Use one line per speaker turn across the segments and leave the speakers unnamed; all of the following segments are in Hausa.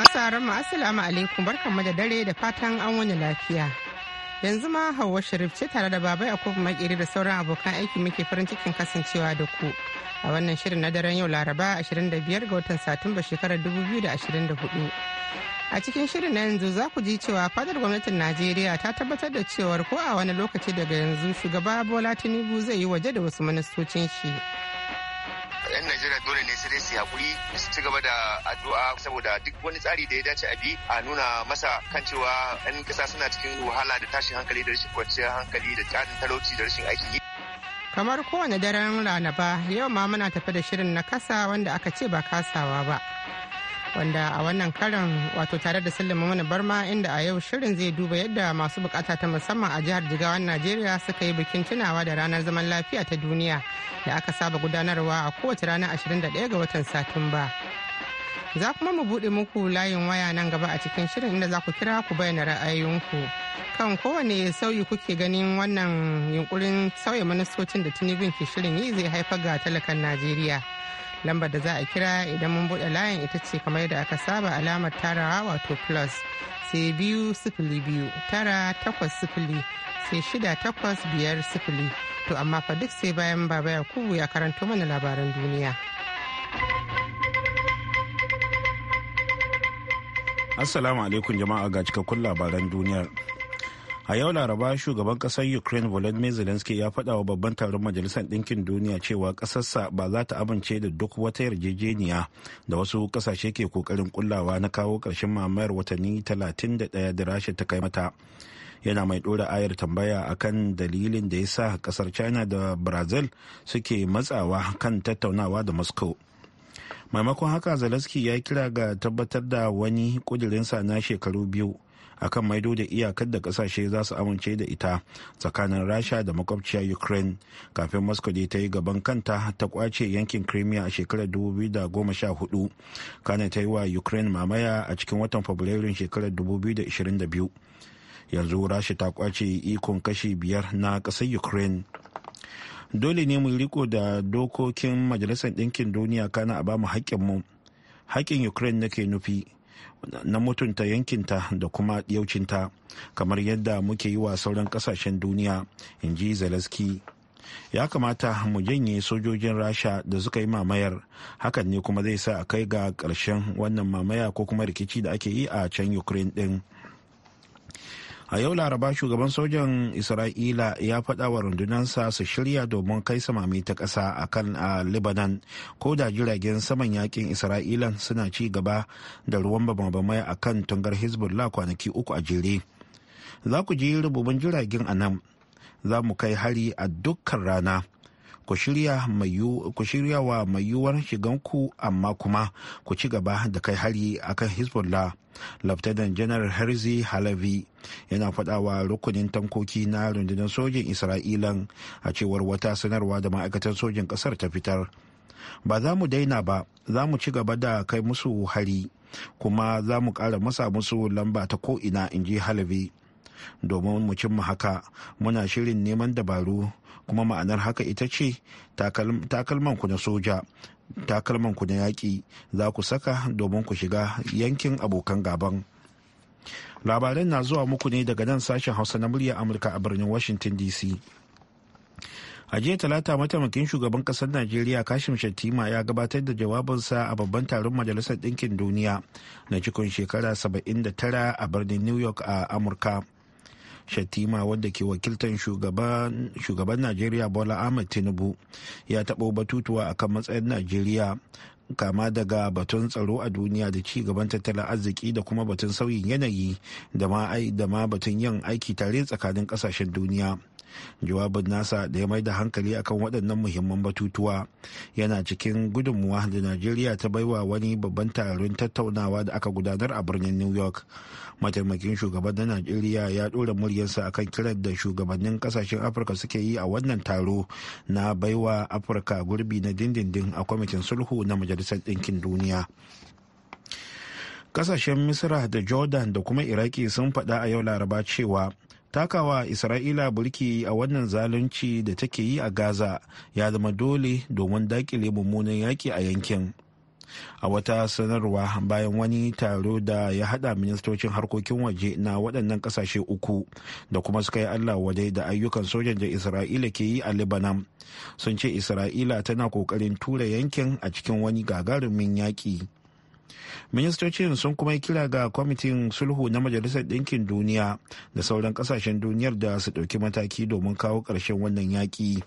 masu rama assalamu alaikum barkanmu da dare da fatan an wani lafiya yanzu ma hawa sharif ce tare da babai a kofin makeri da sauran abokan aiki muke farin cikin kasancewa da ku a wannan shirin na daren yau laraba 25 ga watan satumba shekarar 2024 a cikin shirin na yanzu za ku ji cewa fadar gwamnatin najeriya ta tabbatar da cewar ko a wani lokaci daga yanzu shugaba bola tinubu zai yi waje da wasu ministocin shi
yan najeriya dole ne sai su hakuri su ci gaba da addu'a saboda duk wani tsari da ya dace a bi a nuna masa kan cewa yan kasa suna cikin wahala da tashin hankali da rashin kwanciyar hankali da tsarin talauci da rashin aiki
kamar kowane daren laraba yau ma muna tafi da shirin na kasa wanda aka ce ba kasawa ba wanda a wannan karan wato tare da sallama mana barma inda a yau shirin zai duba yadda masu bukata ta musamman a jihar jigawan najeriya suka yi bikin tunawa da ranar zaman lafiya ta duniya da aka saba gudanarwa a kowace ranar 21 ga watan satumba za kuma mu buɗe muku layin waya nan gaba a cikin shirin inda za ku kira ku bayyana ra'ayoyinku kan kowane sauyi kuke ganin wannan yunkurin sauya ministocin da tinubin ke shirin yi zai haifar ga talakan najeriya lambar da za a kira idan mun buɗe layin ita ce kamar yadda aka saba alamar tarawa wato plus sai biyu sifili biyu tara takwas sifili sai shida takwas biyar sifili to amma fa duk sai bayan baba yakubu ya karanto mana labaran duniya
assalamu alaikum jama'a ga cikakkun labaran duniyar a yau laraba shugaban kasar ukraine volodymyr zelensky ya faɗa wa babban taron majalisar ɗinkin duniya cewa ƙasarsa ba za ta amince da duk wata yarjejeniya da wasu ƙasashe ke kokarin kullawa na kawo ƙarshen mamayar watanni 31 da rasha ta kai mata yana mai ɗora ayar tambaya a kan dalilin da ya sa ƙasar china da brazil suke matsawa kan tattaunawa da moscow maimakon haka zelensky ya kira ga tabbatar da wani ƙudurinsa na shekaru biyu akan maido da iyakar da kasashe za su amince da ita tsakanin rasha da makwabciya ukraine kafin moscow ta yi gaban kanta ta kwace yankin crimea a shekarar 2014 kana ta yi wa ukraine mamaya a cikin watan fabrairun shekarar 2022 yanzu rasha ta kwace ikon kashi biyar na ƙasar ukraine dole ne mu riko da dokokin majalisar ɗinkin duniya kana a bamu haƙƙinmu haƙƙin ukraine nake nufi na mutunta yankinta da kuma yaucinta kamar yadda muke yi wa sauran kasashen duniya in ji zelensky ya kamata mu janye sojojin rasha da suka yi mamayar hakan ne kuma zai sa a kai ga ƙarshen wannan mamaya ko kuma rikici da ake yi a can ukraine din a yau laraba shugaban sojan isra'ila ya faɗa wa rundunansa su shirya domin kai samami ta ƙasa a kan a libanan ko da jiragen saman yakin isra'ila suna ci gaba da ruwan babamai a kan tungar hezbollah kwanaki uku a jere za ku ji rububin jiragen a nan za mu kai hari a dukkan rana ku shirya wa mai yiwuwar shiganku amma kuma ku ci gaba da kai hari akan hezbollah laftanan janar herzi halavi yana faɗawa rukunin tankoki na rundunar sojin isra'ilan a cewar wata sanarwa da ma'aikatan sojin ƙasar ta fitar ba za mu daina ba za mu ci gaba da kai musu hari kuma za mu ƙara masa musu lamba ta ko'ina in ji halavi domin mu cimma haka muna shirin neman dabaru kuma ma'anar haka ita ce takalman ku na soja takalman ku na yaƙi za ku saka domin ku shiga yankin abokan gaban labaran na zuwa muku ne daga nan sashen hausa na murya amurka a birnin washington dc a jiya talata mataimakin shugaban kasar najeriya kashim shattima ya gabatar da jawabinsa a babban taron majalisar ɗinkin duniya na cikin shekara 79 a birnin new york a amurka shatima wadda ke wakiltar shugaban najeriya bola ahmed tinubu ya taɓo batutuwa akan matsayin najeriya kama daga batun tsaro a duniya da ci gaban tattalin arziki da kuma batun sauyin yanayi da ma batun yin aiki tare tsakanin kasashen duniya jawabin nasa da ya mai da hankali akan waɗannan muhimman batutuwa yana cikin gudunmuwa da najeriya ta baiwa wani babban taron tattaunawa da aka gudanar a birnin new york mataimakin shugaban na najeriya ya ɗora muryarsa akan kiran da shugabannin ƙasashen afirka suke yi a wannan taro na baiwa afirka gurbi na dindindin a kwamitin sulhu na majalisar ɗinkin duniya kasashen misra da jordan da kuma iraki sun faɗa a yau laraba cewa takawa isra'ila burki a wannan zalunci da take yi a gaza ya zama dole domin dakile mummunan yaƙi a yankin a wata sanarwa bayan wani taro da ya hada ministocin harkokin waje na waɗannan ƙasashe uku da kuma suka yi allah wadai da ayyukan sojan da isra'ila ke yi a libanan sun ce isra'ila tana ƙoƙarin tura yankin a cikin wani gagarumin yaƙi ministocin sun kuma yi kira ga kwamitin sulhu na majalisar ɗinkin duniya da sauran ƙasashen duniyar da su ɗauki mataki domin kawo ƙarshen wannan yaƙi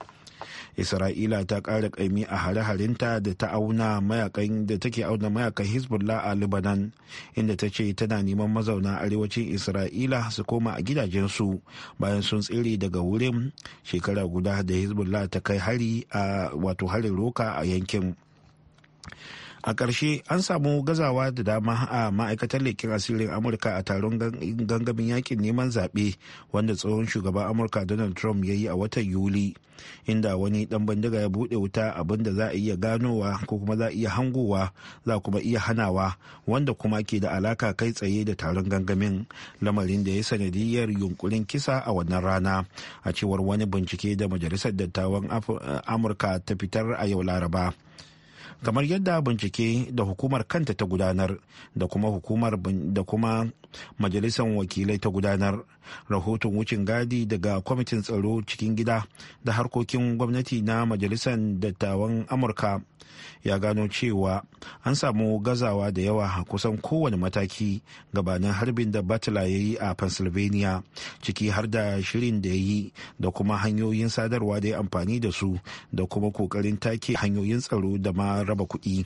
isra'ila ta ƙara ƙaimi a hare-harenta da ta auna mayakan da take auna mayakan hezbollah a lebanon inda ta ce tana neman mazauna arewacin isra'ila su koma a gidajensu bayan sun tsere daga wurin shekara guda da hezbollah ta kai hari a wato harin roka a yankin a ƙarshe an samu gazawa da dama a ma'aikatar leƙin asirin amurka a taron gangamin yakin neman zaɓe wanda tsohon shugaban amurka donald trump ya yi a watan yuli inda wani ɗan bindiga ya buɗe wuta abin da za a iya ganowa ko kuma za a iya hangowa za kuma iya hanawa wanda kuma ke da alaka kai tsaye da taron gangamin lamarin da ya sanadiyar yunkurin kisa a wannan rana a cewar wani bincike da majalisar dattawan amurka ta fitar a yau laraba kamar yadda bincike da hukumar kanta ta gudanar da kuma hukumar da kuma majalisar wakilai ta gudanar rahoton wucin gadi daga kwamitin tsaro cikin gida da harkokin gwamnati na majalisar dattawan amurka ya gano cewa an samu gazawa da yawa kusan kowane mataki gabanin harbin da batla ya yi a pennsylvania ciki har da shirin da ya yi da kuma hanyoyin sadarwa da ya amfani da su da kuma kokarin take hanyoyin tsaro da ma raba kuɗi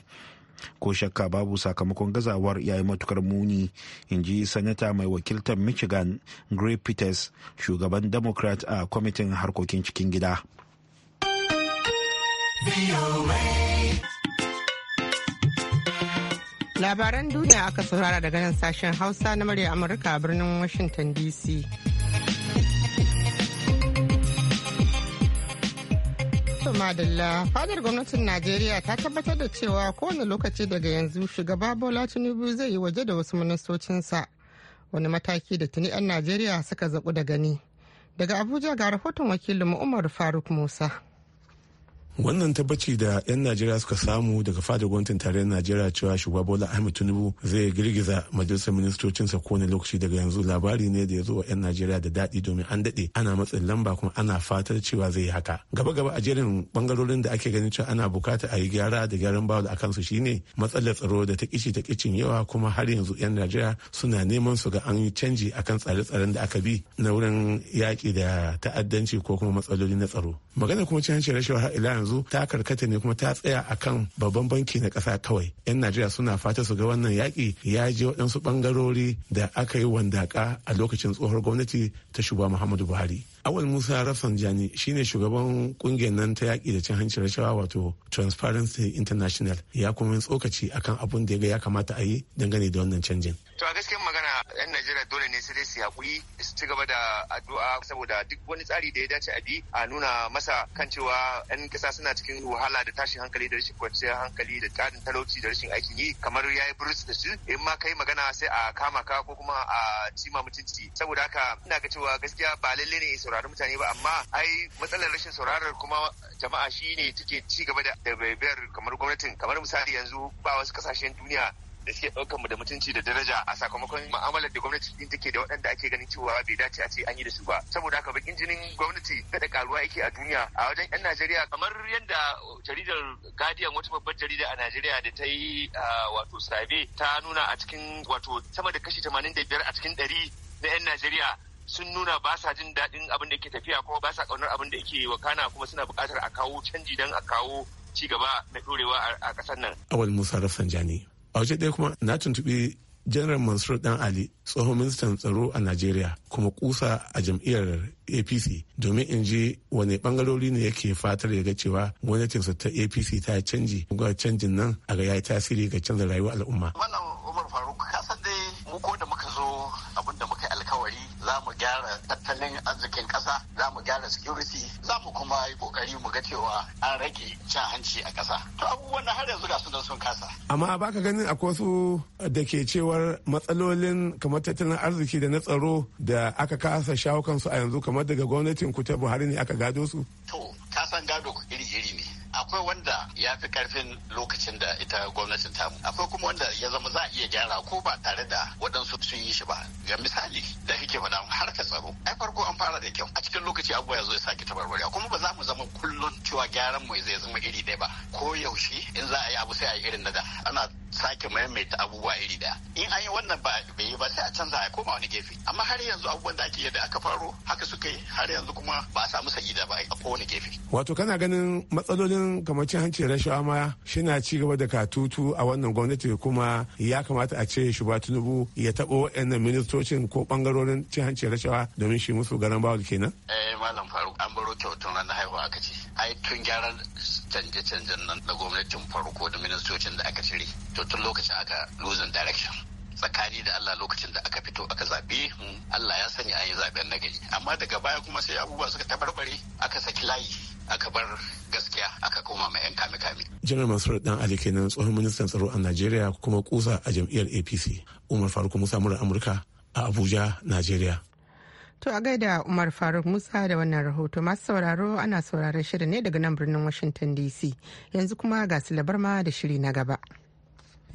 ko shakka babu sakamakon gazawar yayi matukar muni in ji sanata mai wakiltar michigan gray peters shugaban democrat a kwamitin harkokin cikin gida
labaran duniya aka saurara daga nan sashen hausa na murya amurka a birnin washington dc To madalla fadar gwamnatin Najeriya ta tabbatar da cewa kowane lokaci daga yanzu shugaba Bola Tinubu zai yi waje da wasu ministocinsa wani mataki da tuni 'yan Najeriya suka zaɓu da gani. Daga Abuja ga rahoton wakilinmu Umar Faruk Musa.
wannan tabbaci da 'yan najeriya suka samu daga fada gwamnatin tarayyar najeriya cewa shugaba bola ahmed tinubu zai girgiza majalisar ministocinsa kowane lokaci daga yanzu labari ne da ya zo wa 'yan najeriya da daɗi domin an daɗe ana matsin lamba kuma ana fatar cewa zai yi haka gaba gaba a jerin bangarorin da ake ganin cewa ana bukata a yi gyara da gyaran bawa da akansu shine matsalar tsaro da ta kici ta kicin yawa kuma har yanzu 'yan najeriya suna neman su ga an yi canji akan tsare-tsaren da aka bi na wurin yaƙi da ta'addanci ko kuma matsaloli na tsaro magana kuma cin hanci rashawa har ila yanzu yanzu ta karkata ne kuma ta tsaya akan babban banki na kasa kawai yan najeriya suna fata su ga wannan yaƙi ya je waɗansu ɓangarori da aka yi wandaka a lokacin tsohuwar gwamnati ta shugaba muhammadu buhari awal musa rafsanjani shine shugaban kungiyar nan ta yaki da cin hancin rashawa wato transparency international ya kuma tsokaci akan abun da ya ga ya kamata a yi dangane da wannan canjin
to a gaskiyar magana yan najeriya dole ne
sai dai su hakuri su ci gaba da addu'a saboda duk wani tsari da ya dace a bi a nuna masa kan cewa yan kasa suna cikin wahala da tashin hankali da rashin kwanciyar hankali da tsarin talauci da rashin aikin yi kamar ya yi burus da su in ma kai magana sai a kama ka ko kuma a cima mutunci saboda haka ina ga cewa gaskiya ba lalle ne in saurari mutane ba amma ai matsalar rashin sauraron kuma jama'a shine take ci gaba da baibayar kamar gwamnatin kamar misali yanzu ba wasu kasashen duniya da suke ɗaukar mu da mutunci da daraja a sakamakon mu'amalar da gwamnati din take da waɗanda ake ganin cewa bai dace a ce an yi da su ba saboda haka bakin jinin gwamnati da karuwa yake a duniya a wajen 'yan Najeriya kamar yadda jaridar Guardian wata babbar jarida a Najeriya da ta yi wato sabe ta nuna a cikin wato sama da kashi 85 a cikin 100 na 'yan Najeriya sun nuna ba sa jin daɗin abin da ke tafiya kuma ba sa ƙaunar abin da yake wakana kuma suna buƙatar a kawo canji don a kawo ci gaba na ɗorewa a ƙasar nan.
Awal Musa Rafsanjani. a waje ɗaya kuma na tuntuɓi janar mansur dan ali tsohon ministan tsaro a najeriya kuma kusa a jam'iyyar apc domin in ji wane bangarori ne yake fatar ya ga cewa gwamnatinsa ta apc ta canji ga canjin nan a ga yayi tasiri ga canza rayuwar al'umma wannan umar faruk kasan dai mu ko da muka zo abin da muka
za mu gyara tattalin arzikin ƙasa za mu gyara security za mu kuma yi kokari mu ga cewa an rage cin hanci a ƙasa to abubuwan har yanzu ga su sun kasa
amma baka ganin akwai wasu da ke cewar matsalolin kamar tattalin arziki da na tsaro da aka kasa shawo kansu a yanzu kamar daga gwamnatin ku ta buhari ne aka gado su to
kasan gado akwai wanda ya fi karfin lokacin da ita gwamnatin tamu akwai kuma wanda ya zama za a iya gyara ko ba tare da waɗansu sun yi shi ba ga misali da kike faɗa harkar tsaro ai farko an fara da kyau a cikin lokaci abubuwa ya zo ya sake tabarbariya kuma ba za mu zama kullum cewa gyaran mu zai zama iri ɗaya ba ko yaushe in za a yi abu sai a yi irin na da ana sake maimaita abubuwa iri daya in an yi wannan ba bai yi ba sai a canza a koma wani gefe amma har yanzu abubuwan da ake yadda aka faro haka suka yi har yanzu kuma ba a samu sa'ida ba a kowane gefe
wato kana ganin matsalolin kamar cin hanci rashawa ma na ci gaba da katutu a wannan gwamnati kuma ya kamata a ce ba tunubu ya taɓo waɗannan ministocin ko ɓangarorin cin hanci rashawa domin shi musu garan bawul kenan
eh malam faruk an baro kyautan ranar haihuwa
aka ce ai tun gyaran canje-canjen nan na gwamnatin farko da ministocin da aka cire to tun lokacin aka losing direction tsakani da Allah lokacin da aka fito aka zaɓe Allah ya sanya an yi zaɓen na gari amma daga baya kuma sai abubuwa suka tabarbare aka saki layi aka bar gaskiya aka koma
ma 'yan kame-kame. Janar Mansur Dan Ali kenan tsohon ministan tsaro a Najeriya kuma kusa a jam'iyyar APC Umar Faruk Musa mura Amurka a Abuja, Najeriya.
To a gaida Umar Faruk Musa da wannan rahoto masu sauraro ana sauraron shirin ne daga nan birnin Washington DC yanzu kuma ga labar ma da shiri na gaba.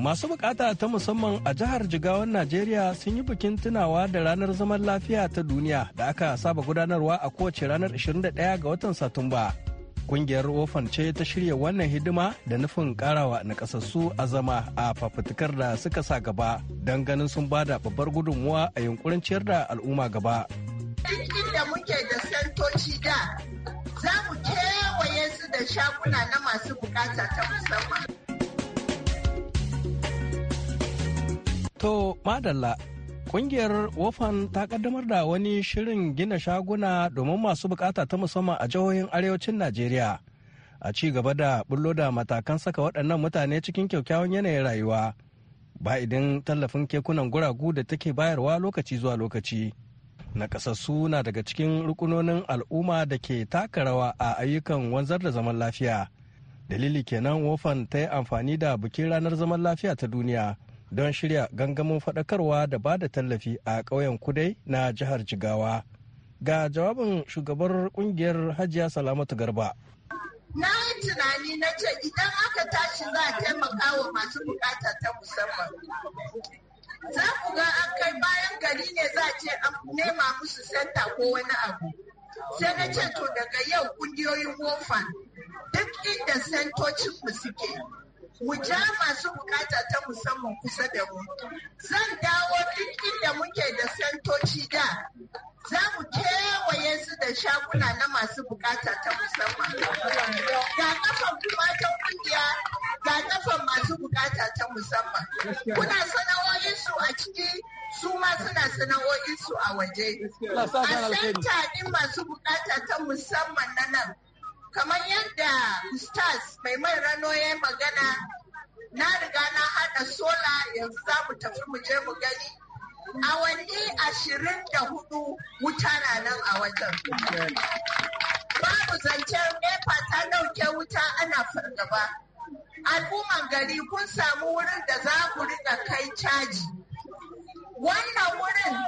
Masu bukata ta musamman a jihar Jigawan Najeriya sun yi bikin tunawa da ranar zaman lafiya ta duniya da aka saba gudanarwa a kowace ranar 21 ga watan Satumba. Kungiyar Ofan ce ta shirya wannan hidima da nufin karawa na kasassu a zama a fafutukar da suka sa gaba don ganin sun ba da babbar gudunmuwa a yunkurin ciyar da al'umma gaba.
da muke da santoci da za mu kewaye su da shaguna na masu bukata ta musamman.
To, madalla, kungiyar Wofan ta kaddamar da wani shirin gina shaguna domin masu bukata ta musamman a jihohin arewacin Najeriya. A ci gaba da bullo da matakan saka waɗannan mutane cikin kyakkyawan yanayin rayuwa. Ba idan tallafin kekunan guragu da take bayarwa lokaci zuwa lokaci. nakasassu na daga cikin rukunonin al'umma da ke taka rawa a ayyukan wanzar da zaman lafiya dalili kenan wofan ta yi amfani da bikin ranar zaman lafiya ta duniya don shirya gangamin faɗakarwa da ba da tallafi a ƙauyen kudai na jihar jigawa ga jawabin shugabar kungiyar hajiya salamatu garba
na yi tunani na ce idan aka tashi za a taimaka wa masu bukata ta musamman za ku ga an kai bayan gari ne za a ce an nema musu senta ko wani abu sai na ce to daga yau kungiyoyin wofa duk inda sentocin mu suke wuja masu bukata ta musamman kusa da mu zan dawo duk inda muke da santoci da za mu kewaye su da shaguna na masu bukata ta musamman ga kafan kuma ta kungiya ga kafan masu bukata ta musamman kuna sana'o'in su a ciki su ma suna sana'o'in su a waje a santa din masu bukata ta musamman na nan kamar yadda stars mai mai rano ya magana na riga na haɗa sola yanzu za mu tafi mu je mu gani awanni ashirin da hudu wuta na nan a watan babu zancen nepa ta ɗauke wuta ana fargaba al'umman gari kun samu wurin da za ku riƙa kai caji wannan wurin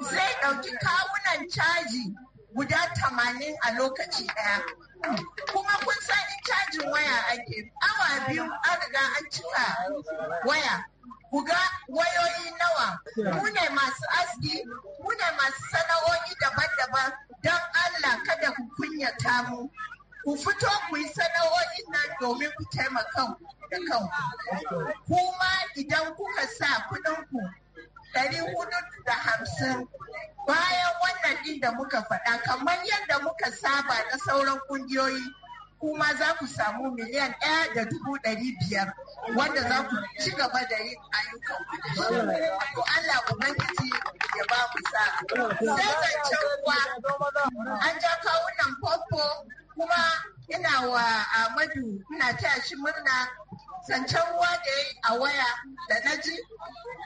zai ɗauki kawunan caji guda tamanin a lokaci ɗaya. Kuma kun san in cajin waya ake awa biyu an riga an cika waya. Kuga wayoyi nawa, mu ne masu aski, mu ne masu sana'o'i daban-daban don Allah kada ku kunyata mu. Ku fito ku yi sana'o'in nan domin ku taimaka da kanku. Kuma idan kuka sa ku. ku hudu da hamsin bayan wannan din da muka faɗa kamar yadda muka saba na sauran kungiyoyi kuma za ku samu miliyan ɗaya da dubu ɗari biyar wanda za ku ci gaba da yin ayyukan ku Allah ubangiji ya ba mu sa sai zancen kuwa an ja kawunan famfo kuma ina wa Amadu ina taya shi murna zancen ruwa da ya yi a waya da na ji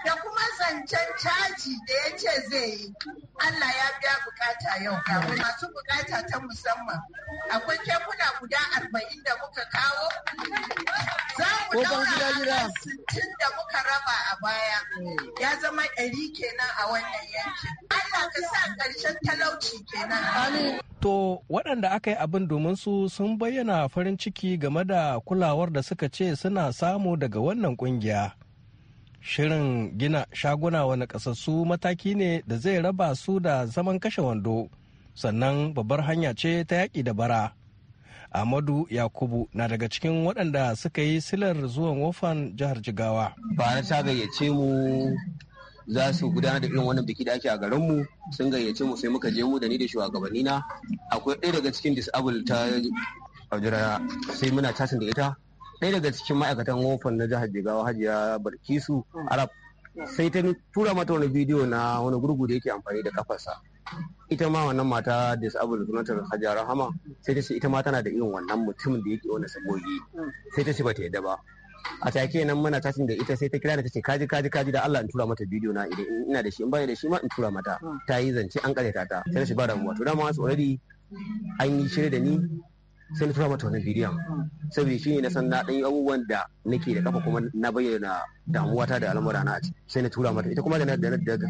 da kuma zancen caji da ya ce zai yi Allah ya biya bukata yau kafin masu bukata ta musamman akwai kekuna guda arba'in da muka kawo za mu daura sittin da muka raba a baya ya zama ɗari kenan a wannan yankin Allah ka sa ƙarshen talauci kenan To
waɗanda aka yi abin domin su sun bayyana farin ciki game da kulawar da suka ce suna samu daga wannan ƙungiya. Shirin gina shaguna wani ƙasassu mataki ne da zai raba su da zaman kashe wando, sannan babbar hanya ce ta yaƙi da bara. Amadu Yakubu na daga cikin waɗanda suka yi silar zuwan wofan jihar Jigawa. na ta gayyace mu za su
gudanar da irin wannan biki da ake a garinmu sun gayyace mu sai muka je mu da ni da shugabanni na akwai ɗaya daga cikin disable ta sai muna casin da ita ɗaya daga cikin ma'aikatan wofan na jihar jigawa hajiya barkisu arab sai ta tura mata wani bidiyo na wani gurgu da yake amfani da kafarsa ita ma wannan mata disable sunatar hajiya rahama sai ta ce ita ma tana da irin wannan mutumin da yake wani sabogi sai ta ce bata yadda ba a take nan muna tashin da ita sai ta kira ni tace kaji kaji kaji da Allah in tura mata bidiyo na idan ina da shi in bai da shi ma in tura mata ta yi zance an kare ta ta sai shi ba mu to dama wasu already an yi shirye da ni sai na tura mata wani bidiyon saboda shi ne na san na ɗan abubuwan da nake da kafa kuma na bayyana damuwata da al'amura na ci sai na tura mata ita kuma da na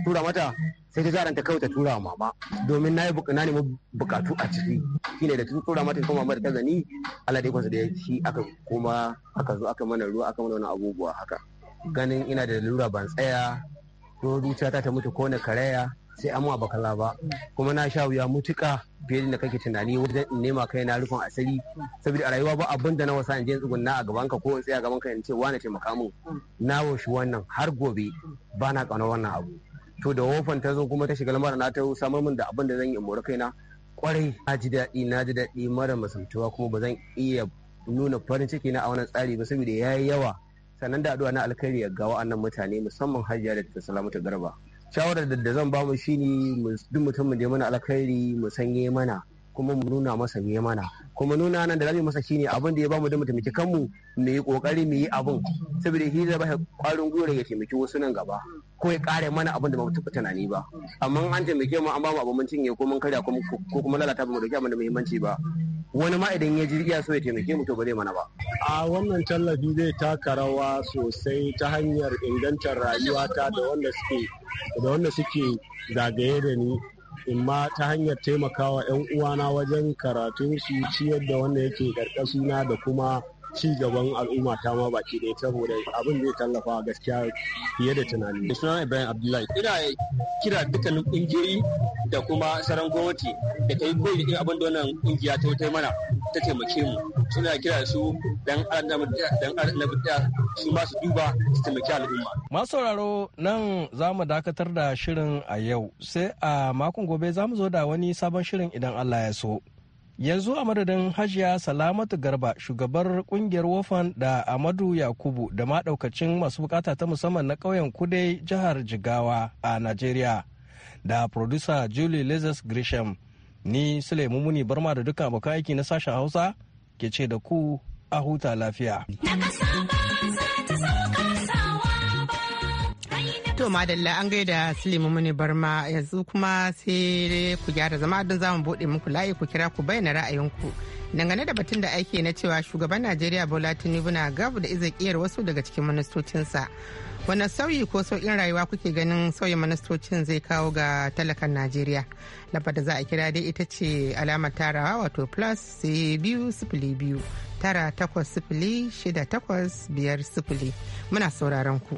tura mata sai ta zaranta kawai ta tura mama domin na na nemi bukatu a ciki shi ne da ta tura mata kuma mama da ta gani Allah dai kwansa da shi aka kuma aka zo aka mana ruwa aka mana wani abubuwa haka ganin ina da lura ban tsaya
ko zuciyata ta
mutu ko na karaya sai an ma bakala ba kuma na sha wuya mutuka fiye da kake tunani wajen in nema kai na rufin asali. saboda a rayuwa ba abin da na wasa in je tsugunna a gaban ka ko in tsaya gaban ka in ce wani taimaka makamu. na washi wannan har gobe ba na kauna wannan abu to da wofan ta zo kuma ta shiga lamarin na ta samar min da abin da zan yi in mori kaina kwarai na ji daɗi na ji daɗi mara musamtuwa kuma ba zan iya nuna farin ciki na a wannan tsari ba saboda ya yi yawa sannan da addu'a na alkhairi ga wa'annan mutane musamman hajiya da ta ta garba shawarar da zan ba mu shine duk mutumin da ya mana alkhairi mu sanye mana kuma mu nuna masa me mana kuma nuna nan da zamu masa shine abin da ya mu da mu taimaki kanmu mu yi kokari mu yi abin saboda shi zai shi kwarin gwiwa ya taimaki wasu nan gaba ko ya kare mana abin da ba mu taɓa tunani ba amma an taimake mu an mu abu mun cinye ko mun karya ko kuma lalata ba mu da abin da muhimmanci ba wani ma idan ya ji iya so ya taimake mu to ba zai mana ba a wannan tallafi zai taka rawa sosai ta hanyar ingantar rayuwata da wanda suke da wanda suke zagaye da ni in ma ta hanyar taimakawa 'yan uwana wajen karatun su ciyar da wanda yake ƙarƙashina da kuma ci gaban al'umma ta ma baki ɗaya saboda abin zai tallafa gaskiya fiye da tunani. Suna Ibrahim Abdullahi. Ina kira dukkanin ƙungiyoyi da kuma sauran gwamnati da ta yi goyi da abin da wannan ƙungiya ta wutar mana ta taimake mu. Suna kira su dan al'adar su ma su duba su taimaki al'umma.
Masu sauraro nan za mu dakatar da shirin a yau sai a makon gobe za mu zo da wani sabon shirin idan Allah ya so. yanzu a madadin hajiya salamatu garba shugabar kungiyar wofan da amadu yakubu da maɗaukacin masu bukata ta musamman na ƙauyen kudai jihar jigawa a nigeria da producer julie lezes grisham ni sule mumuni barma da duka abokan aiki na sashen hausa ke ce da ku a huta lafiya.
To madalla an gaida silimu Muni Barma yanzu kuma sai ku gyara zama don zamu bude muku layi ku kira ku bayyana ra'ayinku. Dangane da batun da ake na cewa shugaban Najeriya Bola Tinubu na gabu da izakiyar wasu daga cikin ministocinsa. wannan sauyi ko sauƙin rayuwa kuke ganin sauyin ministocin zai kawo ga talakan Najeriya? Lafa da za a kira dai ita ce alamar tarawa wato plus sai biyu sifili biyu tara takwas sifili shida takwas biyar sifili. Muna sauraron ku.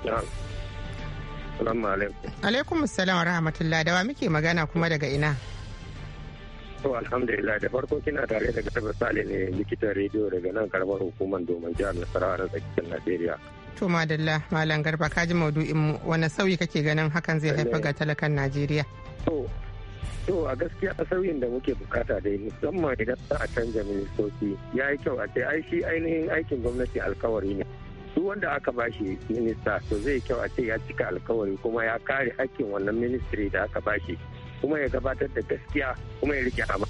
Assalamu alaikum.
Alaikum assalam wa rahmatullah da wa muke magana kuma daga ina?
To alhamdulillah da farko kina tare da Garba Sale ne likitan rediyo daga nan karamar hukumar domin jihar Nasarawa na tsakiyar Najeriya.
To madalla malam Garba ka ji maudu'in mu wani sauyi kake ganin hakan zai haifa ga talakan Najeriya?
To a gaskiya sauyin da muke bukata dai musamman idan za a canja ministoci ya yi kyau a ce ai shi ainihin aikin gwamnati alkawari ne. duk wanda aka bashi minista to zai kyau a ce ya cika alkawari kuma ya kare hakkin wannan ministry da aka bashi kuma ya gabatar da gaskiya kuma ya rike amma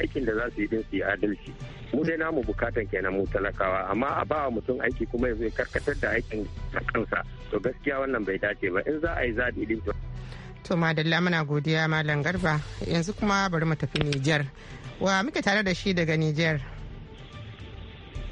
aikin da za su yi din su yi adalci mu dai namu bukatan kenan mu talakawa amma a ba mutum aiki kuma ya zai karkatar da aikin da kansa to gaskiya wannan bai dace ba in za a yi zaɓi din to.
to madalla muna godiya malam garba yanzu kuma bari mu tafi nijar wa muke tare da shi daga nijar.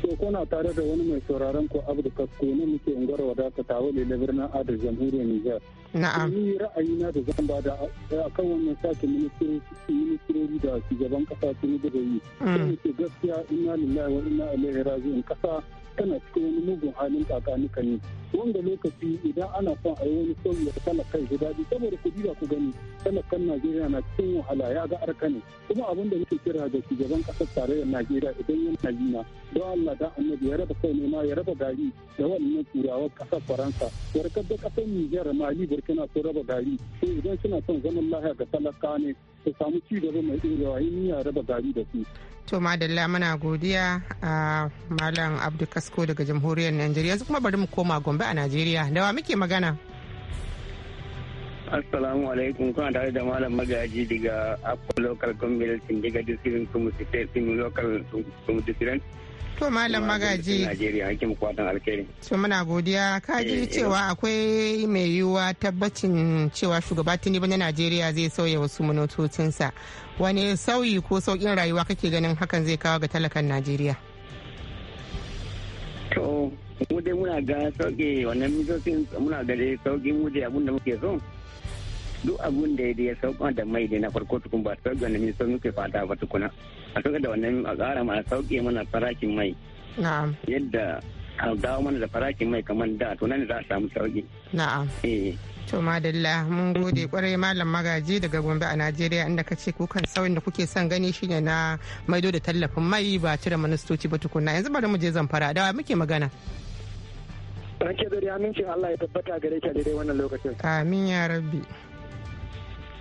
to kuna
tare da wani mai sauraron ko abu da kasko ne muke ungwar wadata ta wale na birnin adar jamhuriyar nijar na'am ni na da zan bada eh, akan wannan sake ministeri da shugaban kasa tuni da yi mm. sai gaskiya ina lillahi wa inna ilaihi raji'un kasa tana cikin wani mugun halin kakanuka ne wanda lokaci idan ana son a yi wani sauyi da talakan shi daɗi saboda ku ba ku gani talakan najeriya na cikin wahala ya ga arka ne kuma abin da muke kira da shugaban ƙasar tarayyar najeriya idan yana jina don allah da annabi ya raba kai nema ya raba gari da wannan turawar ƙasar faransa warkar da ƙasar nijar mali burkina sun raba gari sai idan suna son zaman lahiya ga talaka ne su samu ci gaba mai ɗorewa
in yi raba gari da su. To Madalla muna godiya a Malam Abdu Kasko daga Jamhuriyar Najeriya yanzu kuma bari mu koma Gombe a Najeriya da wa muke magana.
Assalamu alaikum kuna tare da malam magaji daga Akwa Local Government daga Disirin Kumu State Local Kumu Disirin.
To malam magaji.
Najeriya hakim kwatan alkairi.
To muna godiya ka ji eh, eh, cewa akwai mai yiwuwa tabbacin cewa shugaba tuni na Najeriya zai sauya wasu manotocinsa. Wani sauyi ko sauƙin rayuwa kake ganin hakan zai kawo ga talakan Najeriya?
To mu dai muna ga sauƙi wannan mutocin muna ga sauƙi mu dai abin da muke so. duk abun da ya sauka da mai da na farko tukun ba sauki da nisa sun muke fata ba tukuna a sauka da wannan a tsara ma sauke mana farakin mai yadda a dawo mana da farakin mai kamar da to nan za a samu sauki na'am eh.
to madalla mun gode kwarai malam magaji daga gombe a najeriya inda ka ce kukan sauyin da kuke son gani shine na maido da tallafin mai ba cire ministoci ba tukunna yanzu bari mu je zamfara da muke magana
Ranke da amincin Allah ya tabbata gare ka daidai wannan lokacin.
Amin ya rabbi.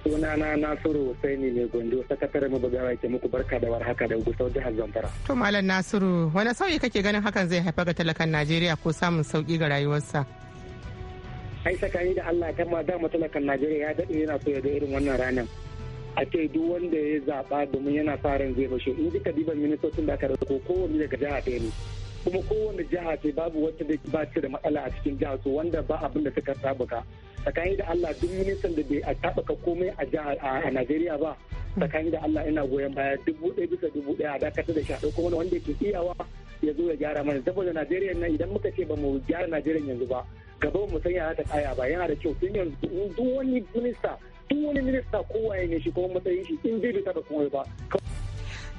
suna na Nasiru Husaini mai gondo sakataren mabugawa ke muku barka da warhaka da sau jihar Zamfara.
To Malam Nasiru wani sauyi kake ganin hakan zai haifa ga talakan Najeriya ko samun sauki ga rayuwarsa?
Ai sakani da Allah ta ma dama talakan Najeriya ya daɗe yana so ya ga irin wannan ranar. A ce duk wanda ya zaɓa domin yana sa ran zai fashe in ji kadiban ministocin da aka rako kowanne daga jiha ɗaya ne. kuma kowanne jiha ce babu wacce da ba ta da matsala a cikin jiha su wanda ba abin da suka sabuka tsakanin da Allah duk ministan da bai taɓaka komai a jihar a Najeriya ba tsakanin da Allah ina goyon baya dubu ɗaya bisa dubu ɗaya a dakatar da shi a ɗauko wanda yake iyawa ya zo ya gyara mana saboda Najeriya nan idan muka ce ba mu gyara Najeriya yanzu ba gaba mu sanya ta kaya ba yana da kyau tun yanzu duk wani minista duk wani minista kowa ne shi kuma matsayin shi in bai taɓa komai ba.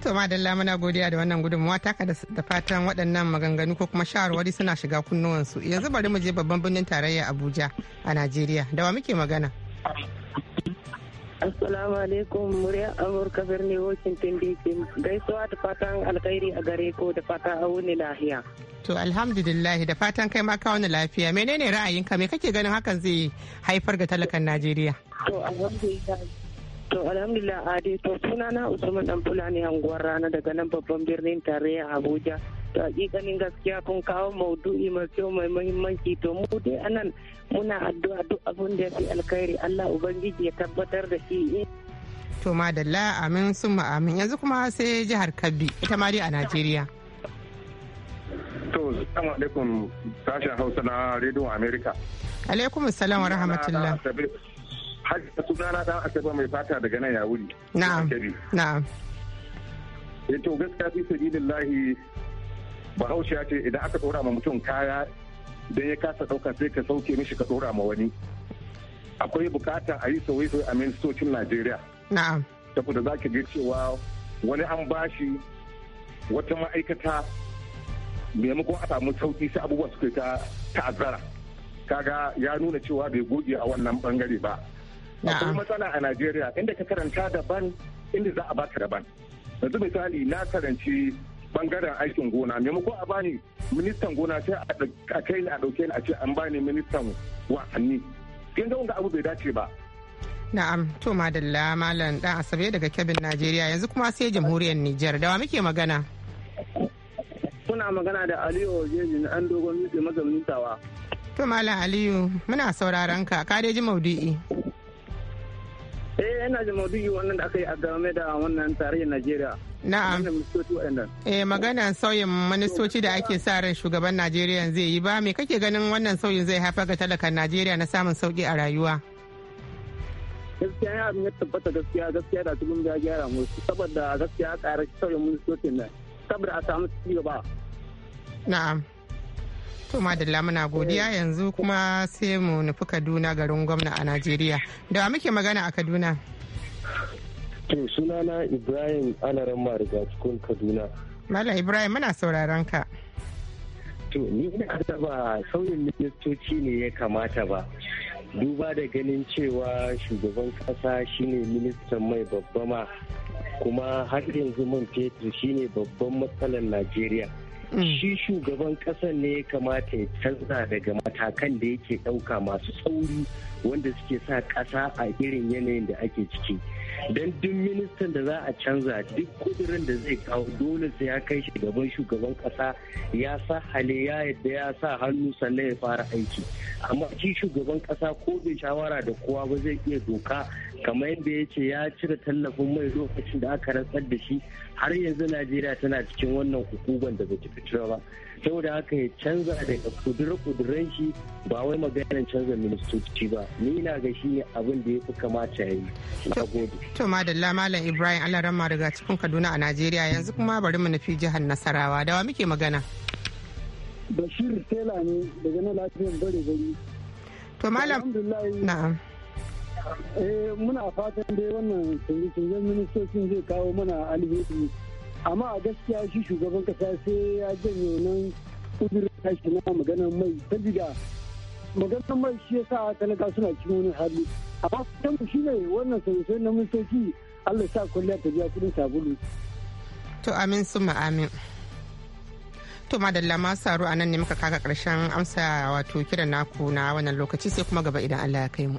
To dalla muna godiya da wannan gudunmawa taka da fatan waɗannan maganganu ko kuma shawarwari suna shiga kunnuwansu. Yanzu bari mu je babban birnin tarayya Abuja a Najeriya. Da wa muke magana?
Assalamu alaikum muryar Amurka birni Washington DC. Gaisuwa da fatan alkhairi a gare ko da fatan auni lahiya.
To alhamdulillah da fatan kai ma ka wani lafiya. Menene ra'ayinka me kake ganin hakan zai haifar ga talakan Najeriya?
To alhamdulillah To alhamdulillah adi to sunana Usman dan Fulani anguwar rana daga nan babban birnin tarayya Abuja. To hakikanin gaskiya kun kawo maudu'i mai kyau mai muhimmanci to mu dai anan muna addu'a duk abin da ya fi alkhairi Allah ubangiji ya tabbatar da shi
To madalla amin summa amin yanzu kuma sai jihar Kabbi ita ma dai a Najeriya.
To salamu alaikum sashen Hausa na Radio America.
Alaikum salam wa rahmatullah.
na sunana dan asaba mai fata daga nan ya wuri
na'am na'am
eh to gaskiya fi sabilillahi bahaushe ya ce idan aka dora ma mutum kaya da ya kasa dauka sai ka sauke mishi ka dora ma wani akwai bukata a yi sauye-sauye a ministocin najeriya na'am saboda za ga cewa wani an bashi wata ma'aikata maimakon a samu sauki sai abubuwa suka ta ta'azzara kaga ya nuna cewa bai goge a wannan bangare ba akwai matsala a najeriya inda ka karanta daban inda za a baka daban yanzu misali na karanci bangaren aikin gona maimakon a bani ministan gona sai a kai ni a dauke ni a ce an bani ministan wa'anni kin ga wanda abu bai dace ba
Na'am, to madalla malam dan Asabe daga Kebin Najeriya yanzu kuma sai jamhuriyar Nijar wa muke magana.
Kuna magana da Aliyu
Ojeji na an dogon mutse mazaunin tawa. To malam Aliyu muna sauraron ka ka ji maudu'i.
eh yana da maudu'i wannan da aka yi a game da wannan tarihin najeriya
na'am eh maganan sauyin ministoci da ake sa ran shugaban najeriya zai yi ba me kake ganin wannan sauyin zai haifar ga talakan najeriya na samun sauki a rayuwa
gaskiya ya abin ya tabbata gaskiya gaskiya da cikin da gyara musu saboda gaskiya a ƙara sauyin ministocin nan saboda a samu ci gaba
na'am To madalla muna godiya yanzu kuma sai mu nufi Kaduna garin gwamna a Najeriya. Da muke magana a Kaduna?
To sunana Ibrahim Alaran Mariga cikin Kaduna.
Mala Ibrahim muna sauraron ka.
To ni ina ba sauyin ministoci ne ya kamata ba. Duba da ganin cewa shugaban kasa shine ministan mai babbama kuma har yanzu man fetur shine babban matsalar Najeriya. Mm. shi shugaban ƙasa ne ya kamata ya canza daga matakan da yake ɗauka masu tsauri wanda suke sa ƙasa a irin yanayin da ake ciki. don duk ministan da za a canza duk kudurin da zai kawo dole sai ya kai shugaban shugaban kasa ya sa hali ya yadda ya sa hannu sannan ya fara aiki amma shi shugaban kasa ko bai shawara da kowa ba zai iya doka kamar yadda ya ce ya cire tallafin mai lokacin da aka rantsar da shi har yanzu najeriya tana cikin wannan hukuban da bata fitura ba saboda haka ya canza daga kudure shi ba wai maganin canza ministoci ba ni na ga shi ne abin da ya fi kamata ya yi
to madalla malam ibrahim allah rama daga cikin kaduna a najeriya yanzu kuma bari mu nufi jihar nasarawa dawa muke magana
bashir tela ne daga na lafiyar bare gari to malam na'am eh, muna fatan dai wannan canje-canjen ministocin zai kawo mana alheri amma a gaskiya shi shugaban kasa sai ya janye nan kudurin tashi na maganar mai sabida maganar mai shi ya sa talaka suna cikin
wani hali amma kusan shi ne wannan sosai na ministoci allah sa kwalliya ta biya kudin sabulu. to amin su amin. To madalla ma saro a nan ne muka kaka karshen amsa wato kiran naku na wannan lokaci sai kuma gaba idan Allah ya kai mu.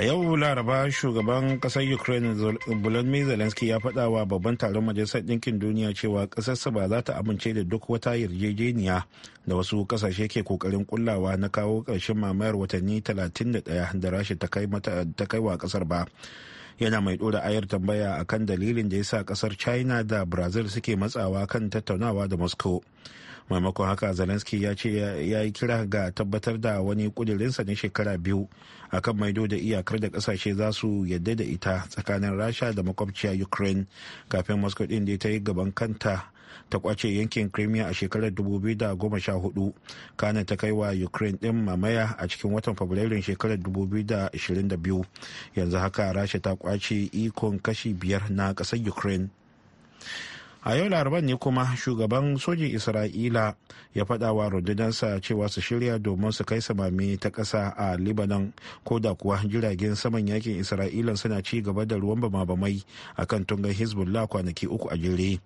a yau laraba shugaban kasar ukraine volodymyr zelensky ya faɗa wa babban taron majalisar ɗinkin duniya cewa ƙasarsa ba za ta amince da duk wata yarjejeniya da wasu ƙasashe ke kokarin kullawa na kawo ƙarshen mamayar watanni 31 da rashi ta kai wa ƙasar ba yana mai ɗora ayar tambaya akan dalilin da ya sa ƙasar china da brazil suke matsawa kan tattaunawa da moscow maimakon haka zelensky ya ce ya yi kira ga tabbatar da wani kudirinsa na shekara biyu akan maido da iyakar da kasashe za su yadda da ita tsakanin rasha da makwabciya ukraine kafin moscow din da ta yi gaban kanta ta kwace yankin crimea a shekarar 2014 kana ta kai wa ukraine din mamaya a cikin watan fabrairun shekarar 2022 yanzu haka rasha ta kwace ikon kashi biyar na ƙasar ukraine a yau laraban ne kuma shugaban sojin isra'ila ya faɗa wa rundunarsa cewa su shirya domin su kai samami ta ƙasa a libanon ko da kuwa jiragen saman yakin isra'ila suna ci gaba da ruwan bama-bamai akan tungan hezbollah kwanaki uku a jere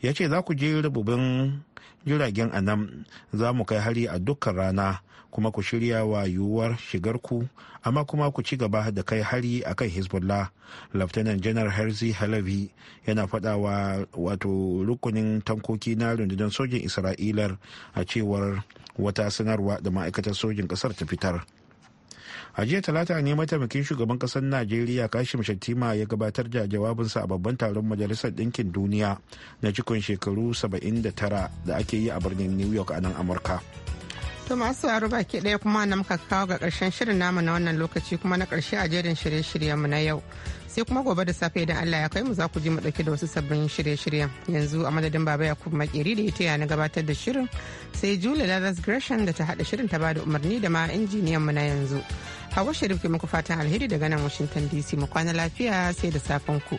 ya ce za ku je rububin jiragen a nan za mu kai hari a dukkan rana kuma ku shirya wa yiwuwar ku amma kuma ku ci gaba da kai hari a kan hezbollah laftanan janar herzi halavi yana faɗa wa wato rukunin tankoki na rundunar sojin isra'ilar a cewar wata sanarwa da ma'aikatar sojin ƙasar ta fitar a jiya talata ne mataimakin shugaban kasar najeriya kashim shattima ya gabatar da jawabinsa a babban taron majalisar ɗinkin duniya na cikin shekaru 79 da ake yi a birnin new york a nan amurka
to masu yaro baki ɗaya kuma na muka kawo ga ƙarshen shirin namu na wannan lokaci kuma na ƙarshe a jerin shirye-shiryenmu na yau sai kuma gobe da safe idan Allah ya kai mu za ku ji mu dauke da wasu sabbin shirye-shiryen yanzu a madadin baba yakub makeri da ya na gabatar da shirin sai julia laras gresham da ta hada shirin ta bada umarni da ma injiniyan mu na yanzu hawa sharif ke muku fatan alheri daga nan washington dc mu kwana lafiya sai da safen ku.